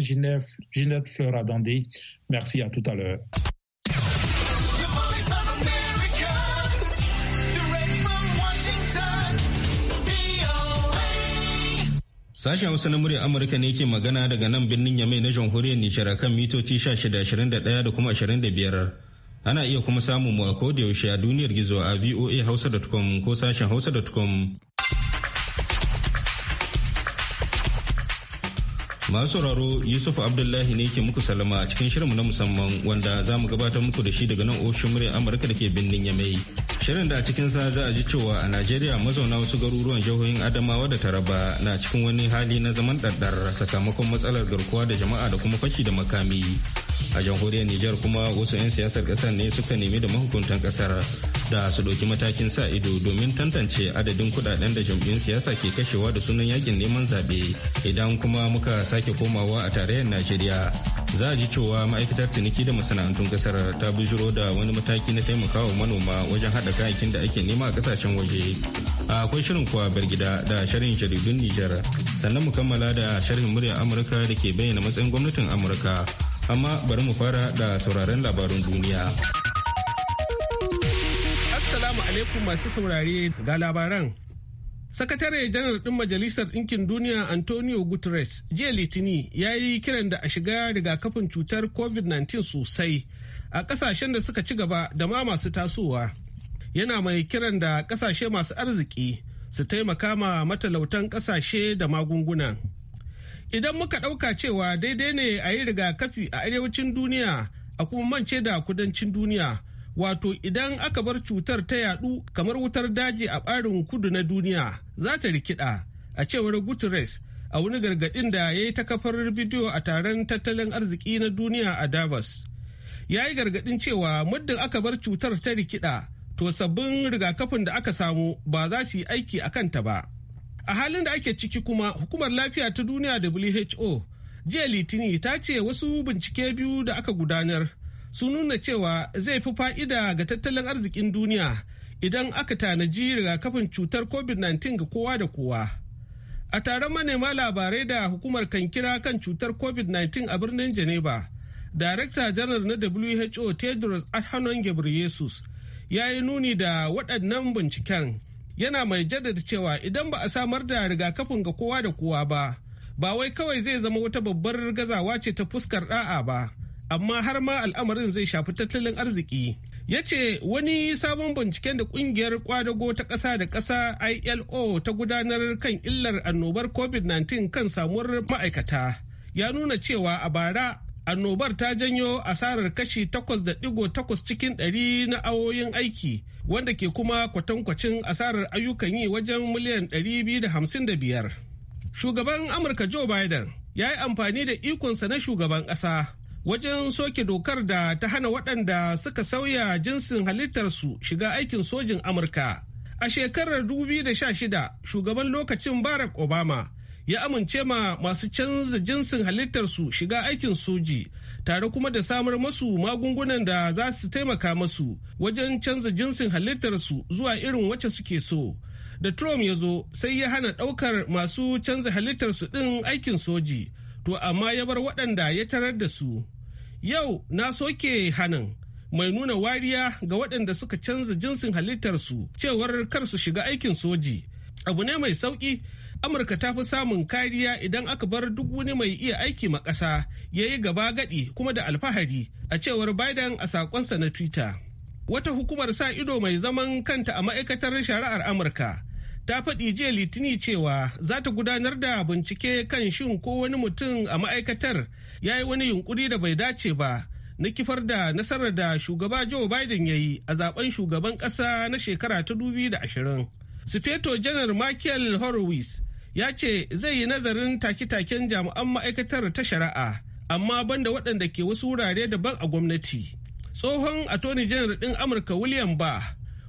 Ginette, Ginette Fleur Adandé. Merci à tout à l'heure. Sashen Hausa na muryar Amurka ne ke magana daga nan birnin Yamai na jamhuriyar Nijar kan mitoci 1621 da kuma biyar Ana iya kuma samun mu a da yaushe a duniyar gizo a voa hausa.com ko sashen hausa.com. masu sauraro yusuf abdullahi ne ke muku salama a cikin shirinmu na musamman wanda za mu gabatar muku da shi daga nan ofishin murya amurka da ke birnin yamai Shirin da a sa za a ji cewa a Najeriya mazauna wasu garuruwan jihohin Adamawa da Taraba na cikin wani hali na zaman ɗaɗɗar sakamakon matsalar garkuwa da jama'a da kuma fashi da makami. A jamhuriyar Nijar kuma wasu 'yan siyasar ƙasar ne suka nemi da mahukuntan ƙasar da su ɗauki matakin sa ido domin tantance adadin kuɗaɗen da jam'iyyun siyasa ke kashewa da sunan yakin neman zaɓe idan kuma muka sake komawa a tarayyar Najeriya. Za a ji cewa ma'aikatar ciniki da masana'antun ƙasar ta bujiro da wani mataki na taimakawa manoma wajen haɗa aikin da ake nema a kasashen waje akwai shirin kuwa bergida da shirin jaridun nijar sannan mu kammala da shirin murya amurka da ke bayyana matsayin gwamnatin amurka amma bari mu fara da sauraren labarun duniya assalamu alaikum masu saurare ga labaran sakatare janar ɗin majalisar ɗinkin duniya antonio guterres jiya litini ya yi kiran da a shiga rigakafin cutar covid-19 sosai a ƙasashen da suka ci gaba da ma masu tasowa yana mai kiran da kasashe masu arziki su taimaka ma matalautan kasashe da magunguna. Idan muka ɗauka cewa daidai ne a yi rigakafi a arewacin duniya a kuma mance da kudancin duniya, wato idan aka bar cutar ta yadu kamar wutar daji a ɓarin kudu na duniya za ta rikida a cewar Guterres a wani gargaɗin da ya yi ta kafar bidiyo a taron tattalin arziki na duniya a Davos. Ya yi gargaɗin cewa muddin aka bar cutar ta rikida to sabbin rigakafin da aka samu ba za su yi aiki a kanta ba. A halin da ake ciki kuma hukumar lafiya ta duniya WHO jiya litini ta ce wasu bincike biyu da aka gudanar su nuna cewa zai fi fa'ida ga tattalin arzikin duniya idan aka tanaji rigakafin cutar COVID-19 ga kowa da kowa. A taron manema labarai da hukumar kan kira kan cutar COVID-19 a birnin Geneva, Darakta Janar na WHO Tedros Adhanom Ghebreyesus ya yi nuni da waɗannan binciken yana mai jaddada cewa idan ba a samar da rigakafin ga kowa da kowa ba ba wai kawai zai zama wata babbar gazawa ce ta fuskar ɗa'a ba amma har ma al'amarin zai shafi tattalin arziki ya ce wani sabon binciken da kungiyar kwadago ta ƙasa da ƙasa ilo ta gudanar kan illar annobar covid-19 kan samuwar ma'aikata ya nuna cewa a bara annobar ta janyo asarar kashi takwas da digo takwas cikin ɗari na awoyin aiki wanda ke kuma kwatankwacin asarar ayyukan yi wajen miliyan biyar. shugaban amurka joe biden ya yi amfani da ikonsa na shugaban ƙasa wajen soke dokar da ta hana waɗanda suka sauya jinsin halittarsu shiga aikin sojin amurka a shekarar 2016 shugaban lokacin barack obama ya amince ma masu canza jinsin halittarsu shiga aikin soji tare kuma da samar masu magungunan da za su taimaka masu wajen canza jinsin halittarsu zuwa irin wacce suke so da trump ya zo sai ya hana ɗaukar masu canza halittarsu ɗin aikin soji to amma ya bar waɗanda ya tarar da su yau na soke hanan mai nuna wariya ga waɗanda suka canza jinsin halittarsu cewar kar su shiga aikin soji abu ne mai sauƙi amurka ta fi samun kariya idan aka bar duk wani mai iya aiki ma ƙasa ya yi gaba gadi kuma da alfahari a cewar biden a sakonsa na twitter wata hukumar sa ido mai zaman kanta a ma'aikatar shari'ar amurka ta faɗi jiya litini cewa za ta gudanar da bincike kan shin ko wani mutum a ma'aikatar ya yi wani yunkuri da bai dace ba na kifar da nasarar da shugaba joe biden ya yi a zaben shugaban ƙasa na shekara ta 2020 sufeto janar michael horowitz ya ce zai yi nazarin take-taken jami'an ma'aikatar ta shari'a amma banda waɗanda ke wasu wurare daban a gwamnati tsohon attorney general ɗin amurka william ba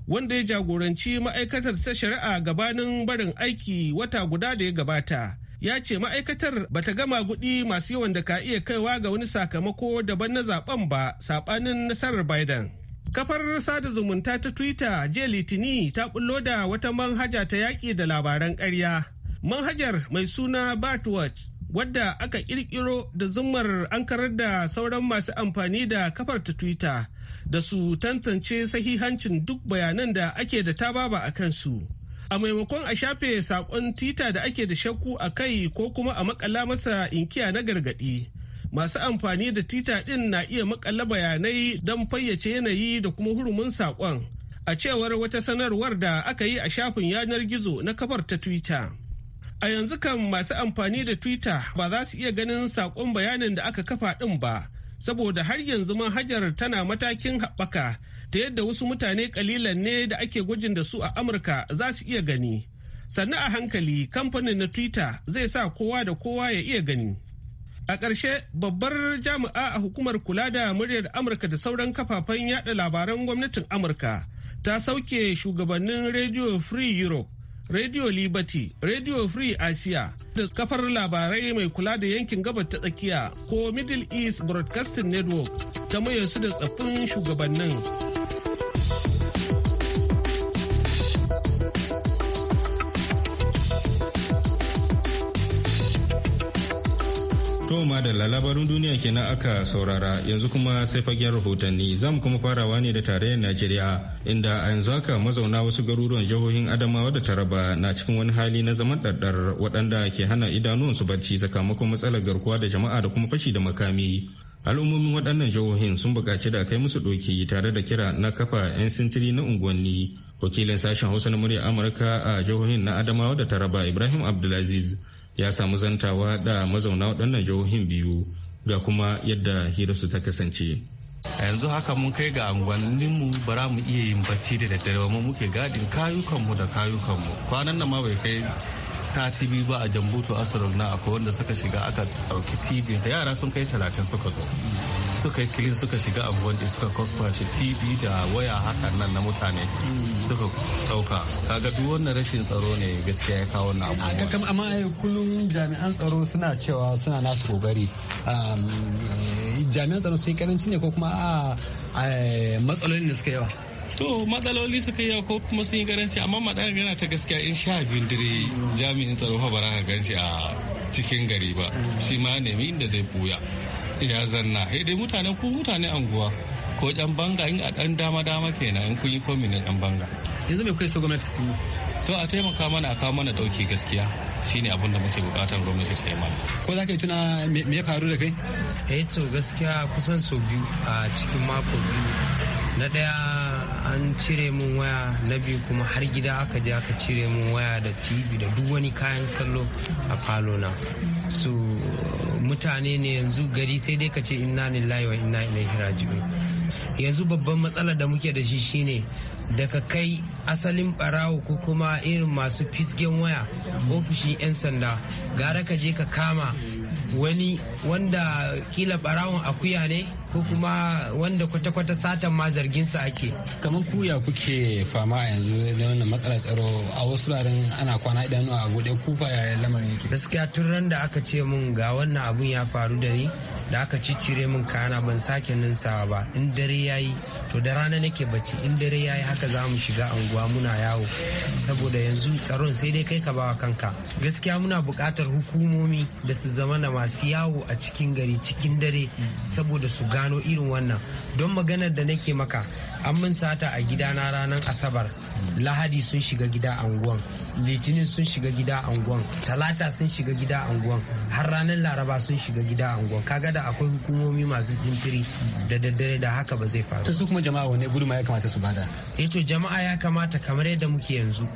wanda ya jagoranci ma'aikatar ta shari'a gabanin barin aiki wata guda da ya gabata ya ce ma'aikatar ba ta gama gudi masu yawan da ka iya kaiwa ga wani sakamako daban na zaben ba saɓanin nasarar biden kafar sada zumunta ta twitter jiya litini ta bullo da wata manhaja ta yaƙi da labaran karya. Manhajar mai suna Batwatch wadda aka kirkiro da zummar an karar da sauran masu amfani da kafar ta Twitter da su tantance sahihancin duk bayanan da ake da tababa a kansu. A maimakon a shafe saƙon Twitter da ake da shakku a kai ko kuma a makala masa inkiya na gargaɗi. Masu amfani da Twitter ɗin na iya makala bayanai don fayyace yanayi da kuma hurumin saƙon. A cewar wata sanarwar da aka yi a shafin yanar gizo na kafar ta Twitter. A yanzu kan masu amfani da Twitter ba za su iya ganin sakon bayanin da aka kafa ɗin ba, saboda har yanzu manhajar tana matakin haɓaka ta yadda wasu mutane ƙalilan ne da ake gwajin da su a Amurka za su iya gani. Sannan a hankali kamfanin na Twitter zai sa kowa da kowa ya iya gani. A ƙarshe babbar jami'a a hukumar kula da muryar Amurka da sauran kafafen yada labaran gwamnatin Amurka ta sauke shugabannin Radio Free Europe Radio Liberty, Radio Free Asia da kafar labarai mai kula da yankin gabar ta tsakiya ko Middle East Broadcasting Network ta maye su da tsaffin shugabannin. To da labarin duniya kenan aka saurara yanzu kuma sai fagen rahotanni zamu kuma farawa ne da tarayyar Najeriya inda a yanzu haka mazauna wasu garuruwan jihohin Adamawa da Taraba na cikin wani hali na zaman ɗaɗɗar waɗanda ke hana idanuwansu barci sakamakon matsalar garkuwa da jama'a da kuma fashi da makami. Al'ummomin waɗannan jihohin sun buƙaci da kai musu ɗoki tare da kira na kafa 'yan sintiri na unguwanni. Wakilin sashen Hausa na murya Amurka a jihohin na Adamawa da Taraba Ibrahim Abdulaziz ya samu zantawa da mazauna waɗannan jihohin biyu ga kuma yadda hirarsu ta kasance. a yanzu haka mun kai ga mu bara mu iya yin bacci da daddare ba mu muke gadin kayukanmu da kayukanmu kwanan nan ma bai kai sati biyu ba a jambutu asarar na akwai wanda suka shiga aka ɗauki tv yara sun kai talatin suka zo suka yi kilin suka shiga abubuwan da suka kwakwashe tv da waya haka nan na mutane suka dauka kaga duk wannan rashin tsaro ne gaskiya ya kawo na abubuwan amma kullum jami'an tsaro suna cewa suna nasu kokari eh, jami'an tsaro sai karanci ne ko kuma a matsalolin da suka yawa to matsaloli suka yi ko kuma sun yi garanci amma matsalar yana ta gaskiya in sha biyun jami'in tsaro fa ba za ka gan shi a cikin gari ba shi ma nemi inda zai buya ya zanna eh dai mutane ku mutane anguwa ko dan banga in a dan dama dama kenan in kun yi komi ne dan banga yanzu me kai so gwamnati su to a taimaka mana a kawo mana dauki gaskiya shine abin da muke bukatar gwamnati ta yi mana ko za ka tuna me ya faru da kai eh to gaskiya kusan so biyu a cikin mako biyu na daya an cire mun waya na biyu kuma har gida aka je aka cire mun waya da tv da duk wani kayan kallo a falo na su mutane ne yanzu gari sai dai ka ce inna lillahi wa inna ilaihi raji'un yanzu babban matsalar da muke da shi shine daga kai asalin barawo ko kuma irin masu fisgen waya ofishin 'yan sanda gara ka je ka kama wani wanda kila barawon akuya ne ko kuma wanda kwata-kwata satan ma zarginsa ake kamar kuya kuke fama a yanzu da wannan matsalar tsaro a wasu wuraren ana kwana idanu a gode kufa yayin lamarin yake gaskiya tun ran da aka ce mun ga wannan abun ya faru da ni da aka ciccire min kana ban sake ninsawa ba in dare ya yi to da rana nake bacci in dare ya yi haka za mu shiga anguwa muna yawo saboda yanzu tsaron sai dai kai ka bawa kanka gaskiya muna buƙatar hukumomi da su zama na masu yawo a cikin gari cikin dare saboda su ga gano irin wannan don maganar da nake maka an min sata a gidana ranar asabar lahadi sun shiga gida anguwan litinin sun shiga gida anguwan talata sun shiga gida anguwan har ranar laraba sun shiga gida anguwan kaga da akwai hukumomi masu sintiri da daddare da haka ba zai faru su kuma jama'a wane guduma ya kamata su bada eh to jama'a ya kamata kamar yadda muke yanzu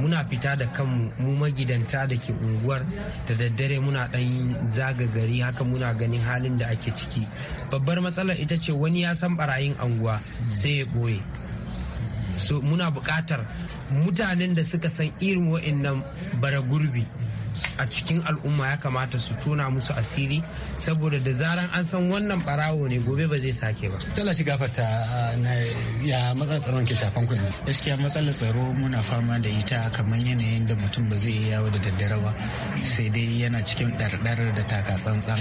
muna fita da kanmu mu magidanta da ke unguwar da daddare muna dan zaga gari haka muna ganin halin da ake ciki babbar matsalar ita ce wani ya san barayin unguwa sai ya boye so muna buƙatar mutanen da suka san irin wa'annan bara gurbi a cikin al'umma ya kamata su tona musu asiri saboda da zaran an san wannan barawo ne gobe ba zai sake ba. Tala shiga fata ah, na ya matsalar tsaro ke shafan ku Gaskiya matsalar tsaro muna fama da ita kamar yanayin da mutum ba zai yawo da daddare ba sai dai yana cikin ɗarɗar da taka tsantsan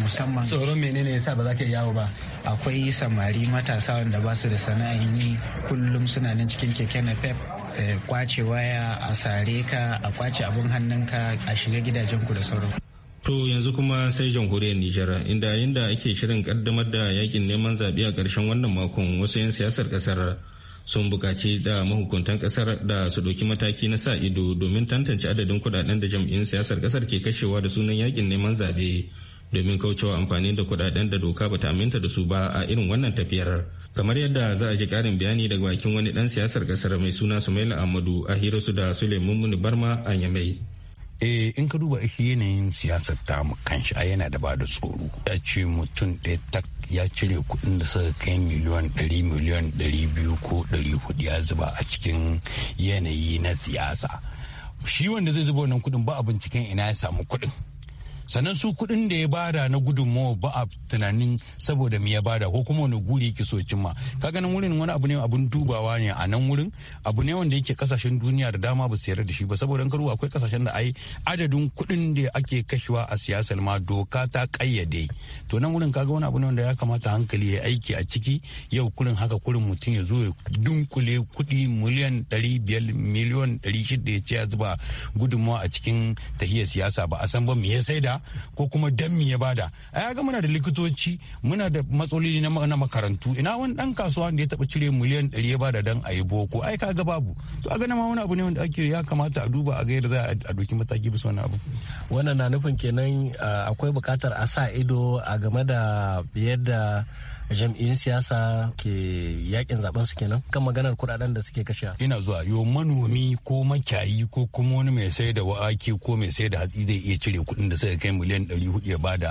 musamman. Tsoron menene yasa ba za ka yawo ba? Akwai samari matasa wanda ba su da sana'an yi kullum suna nan cikin keke na pep Eh, kwace waya a sare ka a kwace abin hannunka a shiga gidajen ku da sauran To yanzu kuma sai jamhuriyar Nijar inda inda ake shirin kaddamar da yakin neman zaɓe a ƙarshen wannan makon wasu 'yan siyasar ƙasar sun buƙaci da mahukuntan ƙasar da su ɗauki mataki na sa ido domin tantance adadin kuɗaɗen da jam'in siyasar ƙasar ke kashewa da sunan yakin neman zaɓe. domin kaucewa amfani da kudaden da doka bata aminta da su ba a irin wannan tafiyar kamar yadda za a ji karin bayani daga bakin wani dan siyasar kasar mai suna sumaila ahmadu a hira su da suleiman muni barma a yamai eh in ka duba shi yanayin siyasar ta mu kanshi a yana da ba da tsoro ya ce mutum ɗaya tak ya cire kuɗin da suka kai miliyan ɗari miliyan ɗari biyu ko ɗari hudu ya zuba a cikin yanayi na siyasa shi wanda zai zuba wannan kuɗin ba a binciken ina ya samu kuɗin sannan su kuɗin da ya bada na gudunmawa ba a tunanin saboda me ya bada ko kuma wani guri yake so cimma ka ganin wurin wani abu ne abun dubawa ne a nan wurin abu ne wanda yake kasashen duniya da dama ba su yarda da shi ba saboda karu akwai kasashen da ai adadin kuɗin da ake kashewa a siyasar ma doka ta kayyade to nan wurin kaga wani abu ne wanda ya kamata hankali ya aiki a ciki yau kurin haka kurin mutum ya zo ya dunkule kuɗi miliyan dari biyar miliyan dari shida ya ce ya zuba gudunmawa a cikin tahiyar siyasa ba a san ba me ya da. ko kuma dan ya bada a ga muna da likitoci muna da matsaloli na makarantu ina wani dan kasuwa da ya taba cire miliyan ɗari ya bada dan yi boko ai ga babu to a ga ma wani abu ne wanda ake ya kamata a duba a ga yadda za a doki mataki bisa wani abu wannan na nufin kenan akwai bukatar a sa ido a game da yadda jam'iyyun siyasa ke yakin zaben su kenan kan maganar kuɗaɗen da suke kashe ina zuwa yo manomi ko makiyayi ko kuma wani mai sai da wa'aki ko mai sai da hatsi zai iya cire kuɗin da suka kai miliyan ɗari hudu ya bada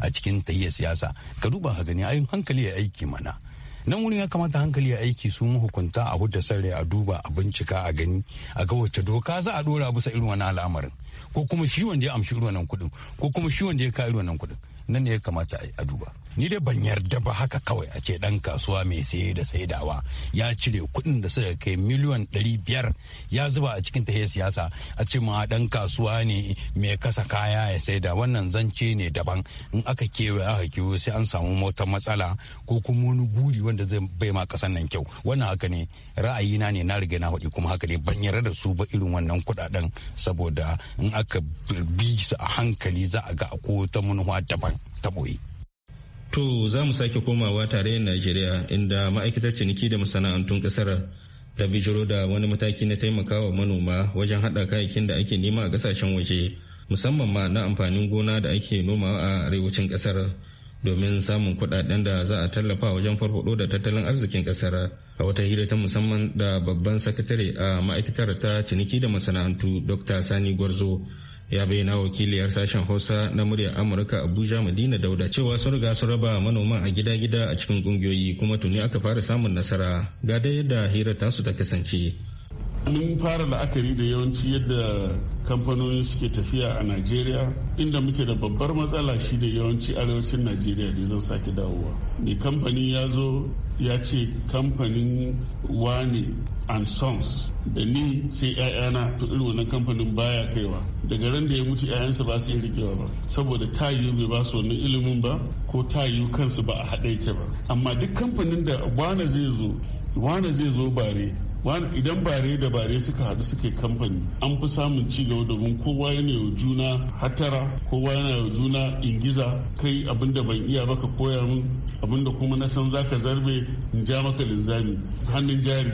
a cikin tayyar siyasa ka duba ka gani ayin hankali ya aiki mana nan wurin ya kamata hankali ya aiki su hukunta a huda sarri a duba a bincika a gani a ga wacce doka za a dora bisa irin wani al'amarin ko kuma shi wanda ya amshi irin wannan kuɗin ko kuma shi wanda ya kai irin wannan kuɗin nan ne ya kamata a duba ni da ban yarda ba haka kawai a ce dan kasuwa mai saye da saidawa ya cire kuɗin da suka kai miliyan ɗari biyar ya zuba a cikin tahiyar siyasa a ce ma dan kasuwa ne mai kasa kaya ya saida wannan zance ne daban in aka kewa aka kewa sai an samu wata matsala ko kuma wani guri wanda zai bai ma kasan nan kyau wannan haka ne ra'ayina ne na riga na faɗi kuma haka ne ban yarda da su ba irin wannan kuɗaɗen saboda in aka bi su a hankali za a ga a ko ta daban ta boye. To za mu sake komawa tare tarayyar Najeriya inda ma'aikatar ciniki da masana'antun kasar ta bijiro da wani mataki na taimakawa manoma wajen haɗa kayayyakin da ake nema a ƙasashen waje musamman ma na amfanin gona da ake noma a arewacin ƙasar domin samun kuɗaɗen da za a tallafa wajen farfaɗo da tattalin arzikin ƙasar a wata hira ta musamman da babban sakatare a ma'aikatar ta ciniki da masana'antu dr sani gwarzo ya bayyana wakiliyar sashen hausa na muryar amurka abuja madina dauda cewa sun riga sun raba manoma a gida-gida a cikin kungiyoyi kuma tuni aka fara samun nasara ga dai yadda hira tasu ta kasance mun fara la'akari da yawanci yadda kamfanoni suke tafiya a najeriya inda muke da babbar matsala shi da yawanci arewacin najeriya da zan sake dawowa mai kamfani ya zo ya ce kamfanin wane and sons da ni sai 'ya'yana to irin wannan kamfanin baya kaiwa daga ran da ya mutu 'ya'yansa ba su yi rikewa ba saboda ta tayu bai ba su wani ilimin ba ko ta tayu kansu ba a haɗe ke ba amma duk kamfanin da wane zai zo wane zai zo bare wani idan bare da bare suka haɗu suke kamfani an fi samun ci gaba domin kowa yana yau juna hatara kowa yana yau juna ingiza kai abin ban iya baka koya min abin kuma na san zaka zarbe in ja maka linzami hannun jari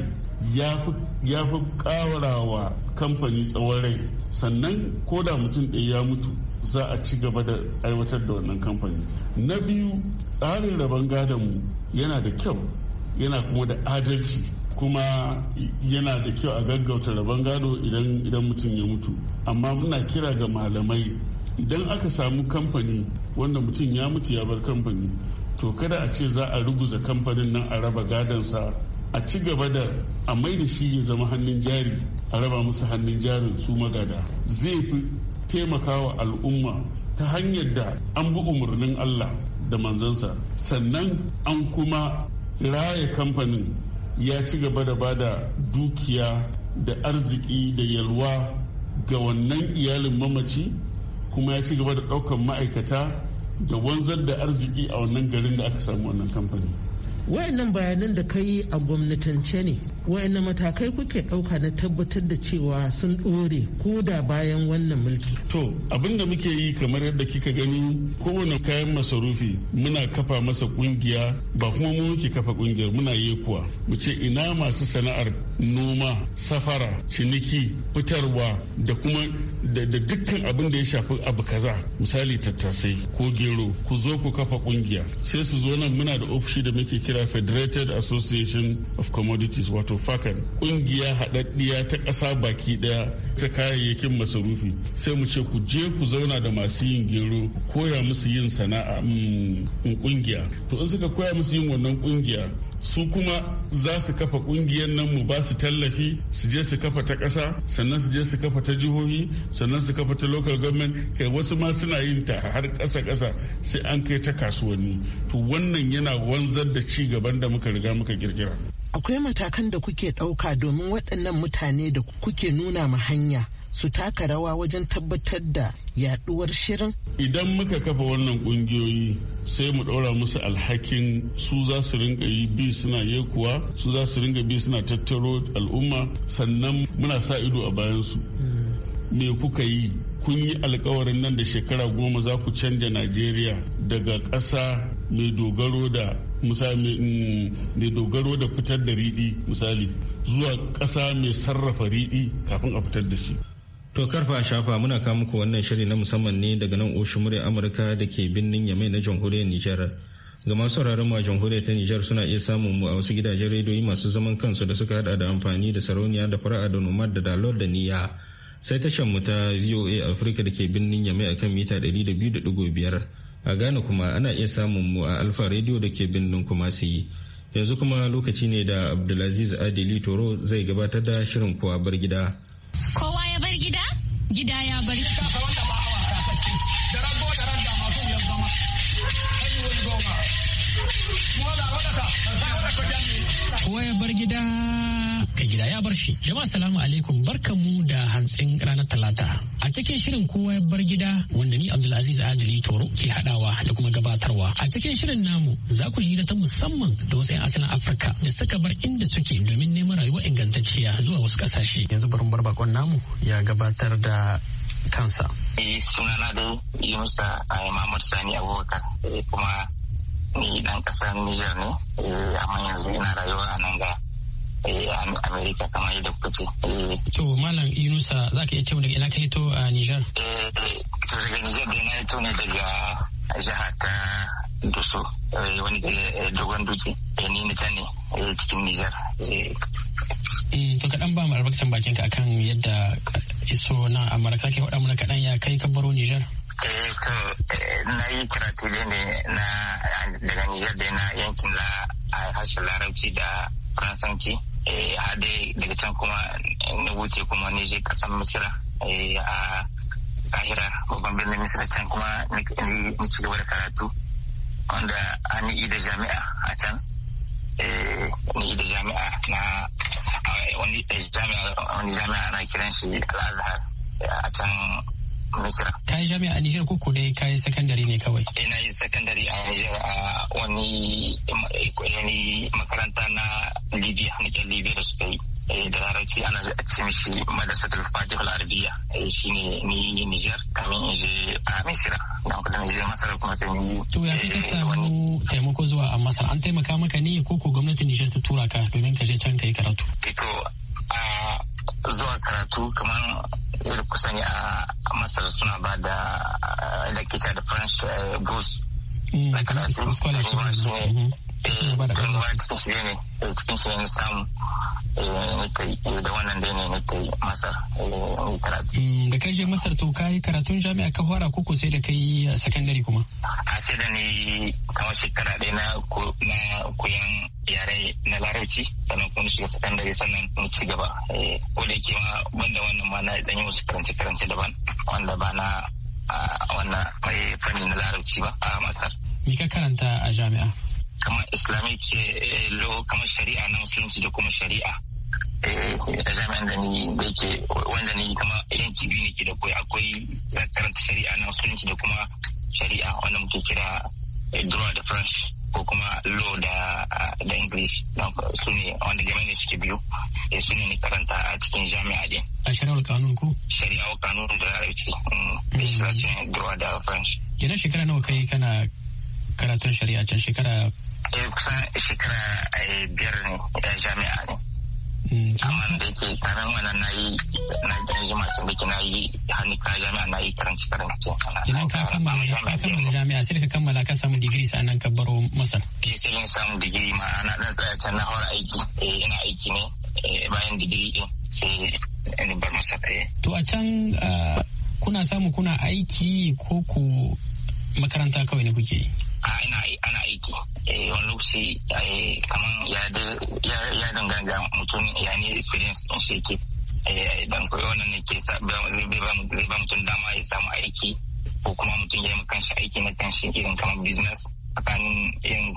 ya fi kawarawa kamfani tsawon rai sannan ko da mutum ɗaya ya mutu za a ci gaba da aiwatar da wannan kamfani na biyu tsarin rabon gadonmu yana da kyau yana kuma da adalci kuma yana da kyau a gaggauta rabon gado idan mutum ya mutu amma muna kira ga malamai idan aka samu kamfani wanda mutum ya mutu ya bar kamfani to kada a ce za a ruguza kamfanin nan a raba gadonsa a ci gaba da a mai da shi ya zama hannun jari a raba musu hannun jarin su magada zai fi taimakawa al'umma ta hanyar da an bi umarnin allah da manzansa sannan an kuma raya kamfanin ya ci gaba da bada dukiya da arziki da yalwa ga wannan iyalin mamaci kuma ya ci gaba da ɗaukan ma'aikata da wanzar da arziki a wannan garin da aka samu wannan kamfani wayannan bayanan da kai a gwamnatance ne wayannan matakai kuke ɗauka na tabbatar da cewa sun ɗore ko da bayan wannan mulki to abin da muke yi kamar yadda kika gani kowane kayan masarufi muna kafa masa kungiya ba kuma mu muke kafa kungiyar muna yi kuwa mu ce ina masu sana'ar noma safara ciniki fitarwa da kuma da dukkan abin da ya shafi abu kaza misali tattasai ko gero ku zo ku kafa kungiya sai su zo nan muna da ofishi da muke kira kira Federated Association of Commodities wato FACAN ƙungiya haɗaɗɗiya ta ƙasa baki ɗaya ta kayayyakin masarufi sai mu ce ku je ku zauna da masu yin gero koya musu yin sana'a ƙungiya mm, to in suka koya musu yin wannan ƙungiya. su kuma za su kafa kungiyar nan mu ba su tallafi su je su kafa ta ƙasa sannan su je su kafa ta jihohi sannan su kafa ta local government kai wasu ma suna yin ta har kasa kasa sai an kai ta kasuwanni to wannan yana wanzar da ci gaban da muka riga muka kirkira akwai matakan da kuke ɗauka domin waɗannan mutane da kuke nuna ma hanya su taka rawa wajen tabbatar da yaduwar shirin? Idan muka kafa wannan kungiyoyi sai mu ɗaura musu alhakin su za su ringa yi bi suna yekuwa su za su ringa bi suna tattaro al'umma sannan muna sa ido a bayansu. Me kuka yi? Kun yi alkawarin nan da shekara goma za ku canja Najeriya daga ƙasa mai dogaro da misali mm, mai dogaro da fitar da riɗi misali zuwa ƙasa mai sarrafa riɗi kafin a fitar da shi. To karfa shafa muna kawo muku wannan shiri na musamman ne daga nan oshin murya Amurka da ke birnin Yamai na jamhuriyar Nijar. Ga masu sauraron ma a jamhuriyar ta Nijar suna iya samun mu a wasu gidajen rediyoyi masu zaman kansu da suka hada da amfani da sarauniya da fara'a da nomad da dalot da niyya. Sai tashar mu ta VOA Africa da ke birnin Yamai akan mita 200.5 a Ghana kuma ana iya samun mu a Alfa Radio da ke birnin Kumasi. yanzu kuma lokaci ne da abdulaziz adili toro zai gabatar da shirin kowa bar gida kowa ya bar gida gida ya bari. Kowa ya bar gida ka gida ya bar shi. Jama'a salamu alaikum mu da hantsin ranar talata. A cikin shirin kowa ya bar gida wanda ni Abdulaziz Adili Toro ke hadawa da kuma gabatarwa. A cikin shirin namu za ku hira ta musamman da wasu 'yan asalin Afirka da suka bar inda suke domin neman rayuwa ingantacciya zuwa wasu kasashe. Yanzu bari bar bakon namu ya gabatar da kansa. Eh sunana dai Yunusa eh, mamadu Sani Abubakar eh, kuma ni dan kasar Nijar ne eh, amma yanzu ina rayuwa a nan ga Eh, Amerika kamar yadda kuka ce. Eh, to Malam Yunusa za ka iya cewa daga ina ka hito a Nijar? Eh, daga Nijar da na hito ne daga jiha ta Doso eh, wani dogon duki ni na can ne cikin Nijar. Mm, to ka kaɗan ba mu albarkacin bakin ka akan yadda iso na amurka ke faɗa mana kaɗan ya kai ka baro nijar eh to na yi karatu da ne na daga nijar da na yankin la harshen larabci da faransanci hade eh, daga can kuma na wuce kuma ne je kasan misira eh, a kahira babban birnin misira can kuma ni ci gaba da karatu wanda an yi da jami'a a can eh, ni da jami'a na wani jami'a ana kiran shi al'azhar a can Misira. Ka yi jami'a a Nijar koko dai ka yi sakandare ne kawai? Ina eh, yi sakandare a Nijar a wani makaranta na Libya, Nijar Libya da suka yi. Eh, da larabci ana ce mishi madrasatul fatihul arabiya eh, shi ne ni Niger kamin in je a Misira na kuma ni je Masar kuma sai ni to ya kake samu taimako zuwa a Masar an taimaka maka ne ko ko gwamnatin nijar ta tura ka domin ka je can kai karatu to a zuwa karatu kamar kusan a masar suna ba da lakita eh, da french boost na karatu ne cikin shi ne samu Eh, nake eh, da wannan dai ne nake masar eh, mm, da kai je masar to kai karatun jami'a ka fara koko sai da kai sakandare kuma a sai da ni kamar shekara ɗaya na koyan yare na larabci sannan kuma shiga sakandare sannan mu ci gaba ko da ke ma banda wannan ma na dan yi wasu karance karance daban wanda ba na wannan fanni na larabci ba a masar me ka karanta a jami'a kamar islamic ce eh, kamar shari'a na musulunci da kuma shari'a eh, a jami'an da ni da ke wanda ni kama yanki biyu ne ke da koyi akwai karanta shari'a na musulunci da kuma shari'a wanda muke kira eh, draw da french ko kuma law da ah, da english su ne wanda game ne suke biyu su ne karanta a cikin jami'a din a shari'ar kanun ko shari'a kanun da larabci legislation mm, mm. draw da french kenan shekara nawa kai kana karatun shari'a can shekara eh kusan shekara eh, biyar ne eh, jami'a ne mm. amma da yake karan wannan na yi na yi jima tun da na yi hannu ka jami'a na yi karanci karanci idan ka kammala jami'a sai ka kammala ka samu digiri nan ka baro masar eh sai in samu digiri ma ana dan tsaya can na hawar aiki eh ina aiki ne eh, bayan digiri din sai in bar masar eh to a can ah, kuna samu kuna aiki ko ku makaranta kawai ne kuke yi ana ah, ana aiki eh, wani lokaci eh, kaman ya danganga mutum ya ne experience din shi ke eh, dan koyi wannan ne ke zai ba mutum dama ya samu aiki ko kuma mutum ya yi kanshi aiki na kanshi irin kamar business tsakanin irin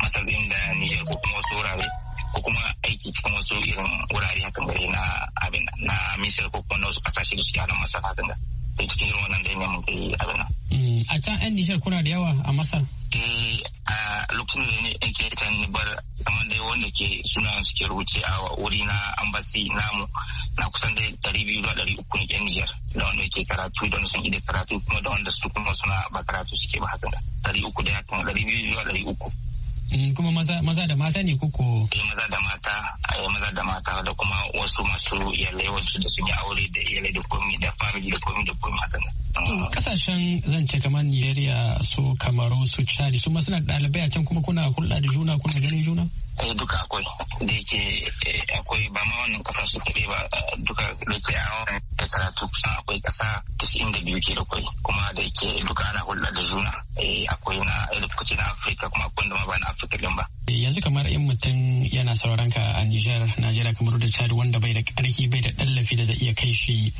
masar da Niger ko kuma wasu wurare. ko kuma aiki cikin wasu irin wurare haka gari na abin na misir ko kuma na wasu kasashe da suke halin masar haka da sai cikin irin wannan da ne mun kai abin nan. Mm, a can yan nishar kuna da yawa a masar. eh a lokacin da ne yake can ni bar kamar da wanda ke suna suke rubuce a wuri na ambasi namu na kusan da ɗari biyu zuwa ɗari uku ne yan nijar da wanda ke karatu da wanda sun ide karatu kuma da wanda su kuma suna ba karatu suke ba hakan da ɗari uku da ya kama ɗari biyu zuwa ɗari uku. Eh, kuma maza da mata ne koko eh maza da mata eh maza da mata da kuma wasu masu iyalai wasu da sun yi aure da iyalai da komi da fari da komi da komi haka to ah. kasashen zan ce kamar Nigeria su Kamaru su Chad su ma suna dalibai a can kuma kuna hulɗa da juna kuna ganin juna akwai eh, duka akwai da yake eh, akwai ba ma wannan kasa su kaɗai ba eh, duka da yake a wannan karatu kusan akwai kasa tis'in da biyu ke da kwai kuma da yake duka ana hulɗa da juna akwai na da kuka na afirka kuma akwai da ma ba na afirka din ba. yanzu kamar in mutum yana sauran ka a nijar najeriya kamar da chad wanda bai da ƙarfi bai da ɗallafi da zai iya kai shi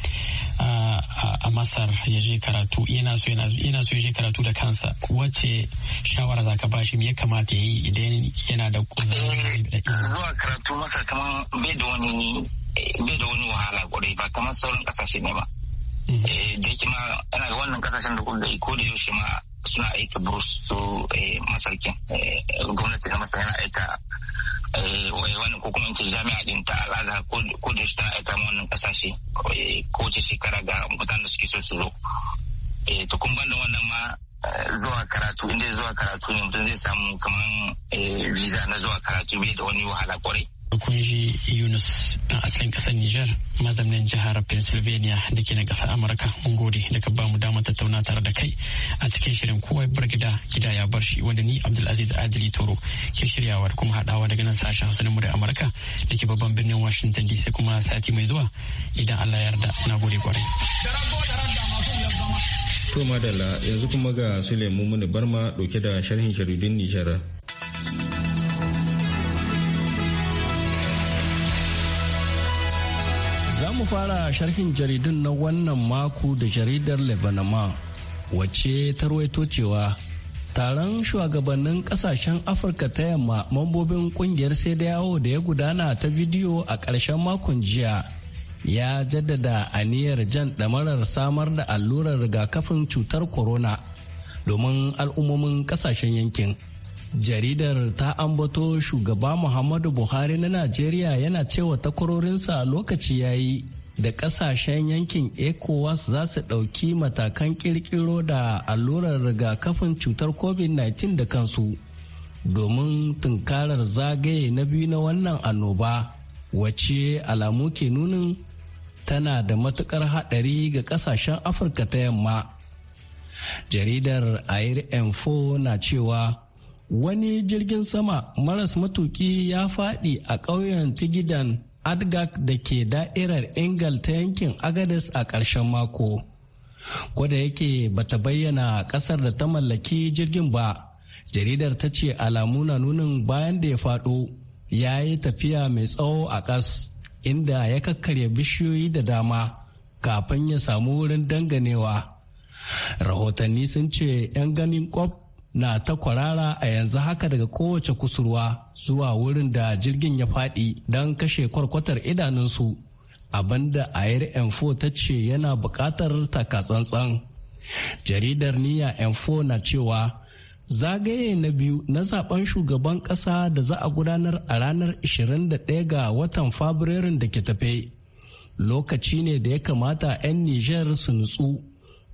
a masar ya je karatu yana so yana so ya je karatu da kansa wacce shawara za ka ba shi ya kamata ya yi idan yana da kuzari Eh, eh, zuwa karatu masa kamar bai da wani bai da wani wahala kwarai ba kamar sauran kasashe ne ba mm. eh, da yake ma ana ga wannan kasashen da kuka ko da yaushe ma suna aika burus su masaukin gwamnati na masar yana aika wani ko kuma in ce jami'a din ta al'azhar ko da ta aika ma wannan kasashe ko ce shekara ga mutanen suke so su zo to kun banda wannan ma Eh, zuwa karatu inda zuwa karatu ne mutum zai samu kamar eh, visa na zuwa karatu bai da wani wahala kwarai kun ji Yunus a asalin kasar Nijar mazamnin jihar Pennsylvania da ke na kasar Amurka mun gode da ka bamu damar tattauna tare da kai a cikin shirin kowai bar gida gida ya bar shi wanda ni Abdulaziz Adili Toro ke shiryawa da kuma haɗawa daga nan sashen Hausa na da Amurka da ke babban birnin Washington DC kuma sati mai zuwa idan Allah ya yarda na gode kwarai. To madalla yanzu kuma ga Suleiman Muni Barma ɗauke da sharhin sharidun Nijar. zamu fara sharhin jaridun na wannan mako da jaridar Lebanama wace ta rawaito cewa taron shugabannin kasashen afirka ta yamma mambobin kungiyar sai da yawo da ya gudana ta bidiyo a ƙarshen makon jiya ya jaddada aniyar jan ɗamarar samar da allurar rigakafin cutar corona domin al'ummomin ƙasashen yankin. jaridar ta ambato shugaba muhammadu buhari na najeriya yana cewa takwarorinsa lokaci ya yi da ƙasashen yankin ecowas za su ɗauki matakan ƙirƙiro da allurar rigakafin cutar covid-19 da kansu domin tunkarar zagaye na biyu na wannan annoba Wace alamu ke nunin tana da matukar haɗari ga ƙasashen afirka ta yamma jaridar air info na cewa wani jirgin sama maras matuki ya faɗi a ƙauyen tigidan adgak da ke da'irar ingal ta yankin agadis a ƙarshen mako kwada yake bata bayyana ƙasar da ta mallaki jirgin ba jaridar ta ce alamu na nunin bayan da ya faɗo ya yi tafiya mai tsawo a ƙas inda ya kakkarya bishiyoyi da dama kafin ya samu wurin danganewa. Rahotanni sun ce 'yan ganin kwab na ta kwarara a yanzu haka daga kowace kusurwa zuwa wurin da jirgin ya faɗi don kashe kwarkwatar idanunsu abinda a m4 ta ce yana buƙatar takatsantsan jaridar niyya m4 na cewa zagaye na biyu na zaben shugaban ƙasa da za a gudanar a ranar 21 ga watan fabrairun da ke tafe lokaci ne da ya kamata 'yan nijar su nutsu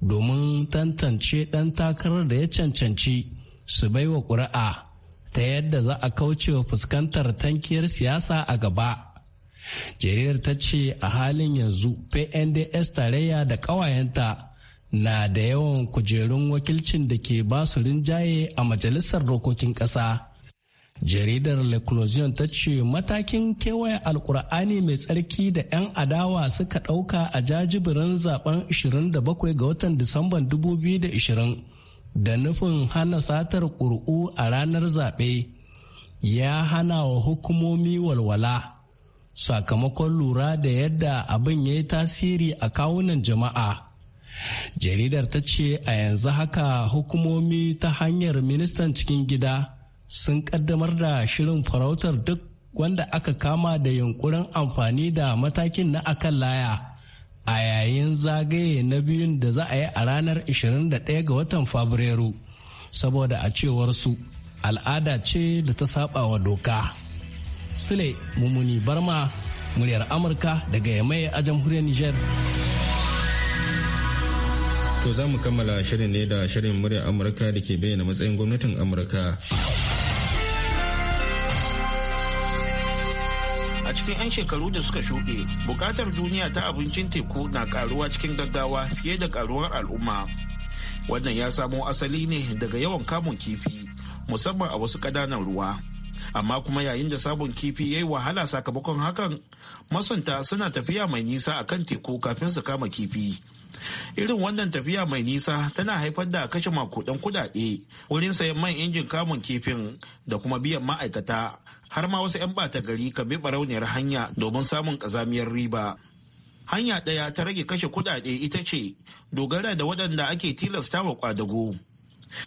domin tantance ɗan takarar da ya cancanci su baiwa ƙuri'a ta yadda za a kauce wa fuskantar tankiyar siyasa a gaba. jaridar ta ce a halin yanzu pnds tarayya da ƙawayenta na da yawan kujerun wakilcin da ke basu rinjaye a majalisar dokokin ƙasa. jaridar l'eclosion ta ce matakin kewaye alkur'ani mai tsarki da 'yan adawa suka ɗauka a jajibirin zaben 27 ga watan disamban 2020 da nufin hana satar ƙuri'u a ranar zaɓe ya hana wa hukumomi walwala sakamakon lura da yadda abin ya yi tasiri a kawunan jama'a jaridar ta ce a yanzu haka hukumomi ta hanyar ministan cikin gida sun kaddamar da shirin farautar duk wanda aka kama da yunkurin amfani da matakin na akan laya a yayin zagaye na biyun da za a yi a ranar 21 ga watan fabrairu saboda a cewar su al'ada ce da ta saba wa doka sule mummuni barma muryar amurka daga yamai a jamhuriyar niger To za mu kammala shirin ne da shirin murya Amurka da ke bayyana matsayin gwamnatin Amurka. a cikin 'yan shekaru da suka shuɗe buƙatar duniya ta abincin teku na karuwa cikin gaggawa fiye da karuwar al'umma wannan ya samo asali ne daga yawan kamun kifi musamman a wasu ƙananan ruwa amma kuma yayin da sabon kifi ya yi wahala sakamakon hakan masunta suna tafiya mai nisa akan teku kafin su kama kifi irin wannan tafiya mai nisa tana haifar da kashe makudan kudade wurin sayan man injin kamun kifin da kuma biyan ma'aikata har ma wasu 'yan bata gari kan bi barauniyar hanya domin samun kazamiyar riba hanya ɗaya ta rage kashe kudade ita ce dogara da waɗanda ake tilasta wa kwadago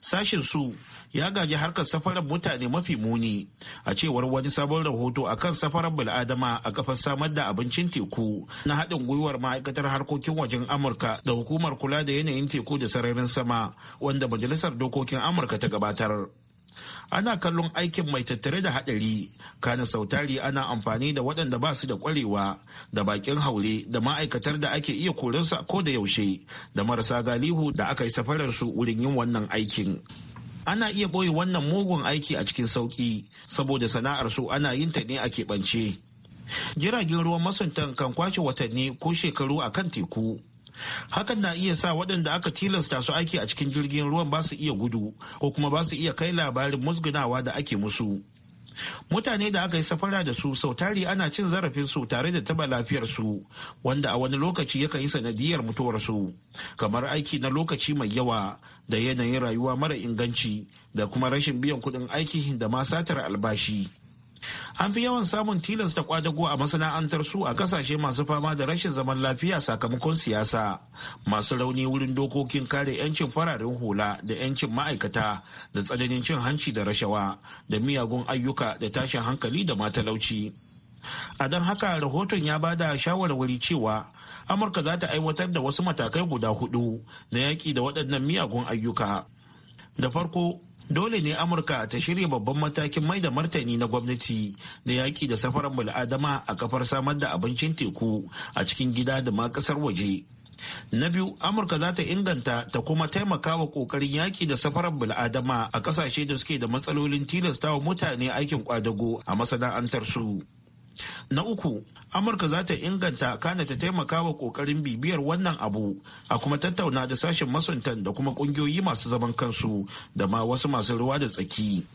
sashin su ya gaji harkar safarar mutane mafi muni a cewar wani sabon rahoto a kan safarar bil'adama a kafar samar da abincin teku na haɗin gwiwar ma'aikatar harkokin wajen amurka da hukumar kula da yanayin teku da sararin sama wanda majalisar dokokin amurka ta gabatar ana kallon aikin mai tattare da haɗari kana sautari ana amfani da waɗanda ba su da kwarewa da bakin haure da ma'aikatar da ake iya korinsa ko da yaushe da marasa galihu da aka yi safararsu wurin yin wannan aikin ana iya ɓoye wannan mugun aiki a cikin sauƙi saboda sana'ar su ana yin ta ne a keɓance jiragen ruwan masuntan kan kwace watanni ko shekaru a kan teku hakan na iya sa waɗanda aka tilasta su aiki a cikin jirgin ruwan ba su iya gudu ko kuma ba su iya kai labarin musgunawa da ake musu mutane da aka yi safara da su sautari ana cin zarafin su tare da taba lafiyar su wanda a wani lokaci yaka yi sanadiyar mutuwar su kamar aiki na lokaci mai yawa da yanayin rayuwa mara inganci da kuma rashin biyan kuɗin aiki da ma satar albashi an fi yawan samun tilasta kwadago a masana'antar su a kasashe masu fama da rashin zaman lafiya sakamakon siyasa masu rauni wurin dokokin kare 'yancin fararen hula da 'yancin ma'aikata da tsananin cin hanci da rashawa da miyagun ayyuka da tashin hankali da matalauci a don haka rahoton ya bada shawarwari cewa amurka za ta aiwatar da wasu matakai guda hudu na yaƙi da waɗannan miyagun ayyuka da farko dole ne amurka ta shirya babban matakin mai da martani na gwamnati na yaƙi da safarar bal'adama a kafar samar da abincin teku a cikin gida da ma ƙasar waje na biyu amurka za ta inganta ta kuma taimakawa kokarin yaƙi da safarar bil'adama a ƙasashe da suke da matsalolin tilastawa mutane aikin kwadago a masana'antar su Na uku, Amurka za ta inganta kana ta taimaka wa kokarin bibiyar wannan abu a kuma tattauna da sashen masuntan da kuma ƙungiyoyi masu zaman kansu da ma wasu masu ruwa da tsaki.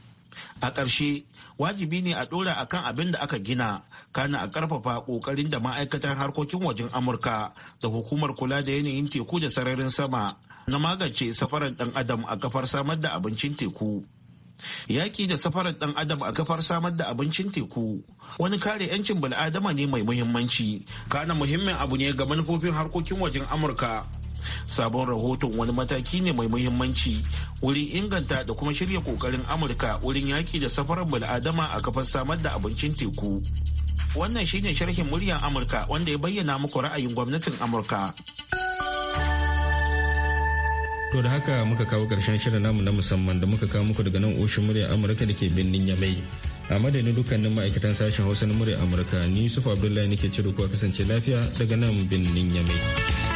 A ƙarshe, wajibi ne a ɗora a kan abin da aka gina, kana a ƙarfafa ƙoƙarin da ma'aikatan harkokin wajen Amurka da hukumar kula da yanayin teku da sararin sama na magance safarar ɗan adam a kafar samar da abincin teku Yaƙi da safarar ɗan adam a kafar samar da abincin teku wani kare 'yancin bil'adama ne mai muhimmanci kana muhimmin abu ne ga manufofin harkokin wajen amurka sabon rahoton wani mataki ne mai muhimmanci wurin inganta da kuma shirya kokarin amurka wurin yaki da safarar bil'adama a kafar samar da abincin teku wannan shine sharhin muryar amurka wanda ya bayyana muku ra'ayin gwamnatin amurka To da haka muka kawo ƙarshen shirin namu na musamman da muka kawo muku daga nan oshin murya Amurka da ke birnin Yamai. A madadin dukkanin ma'aikatan sashen Hausa na murya Amurka ni Sufa Abdullahi nake cire kuwa kasance lafiya daga nan birnin Yamai.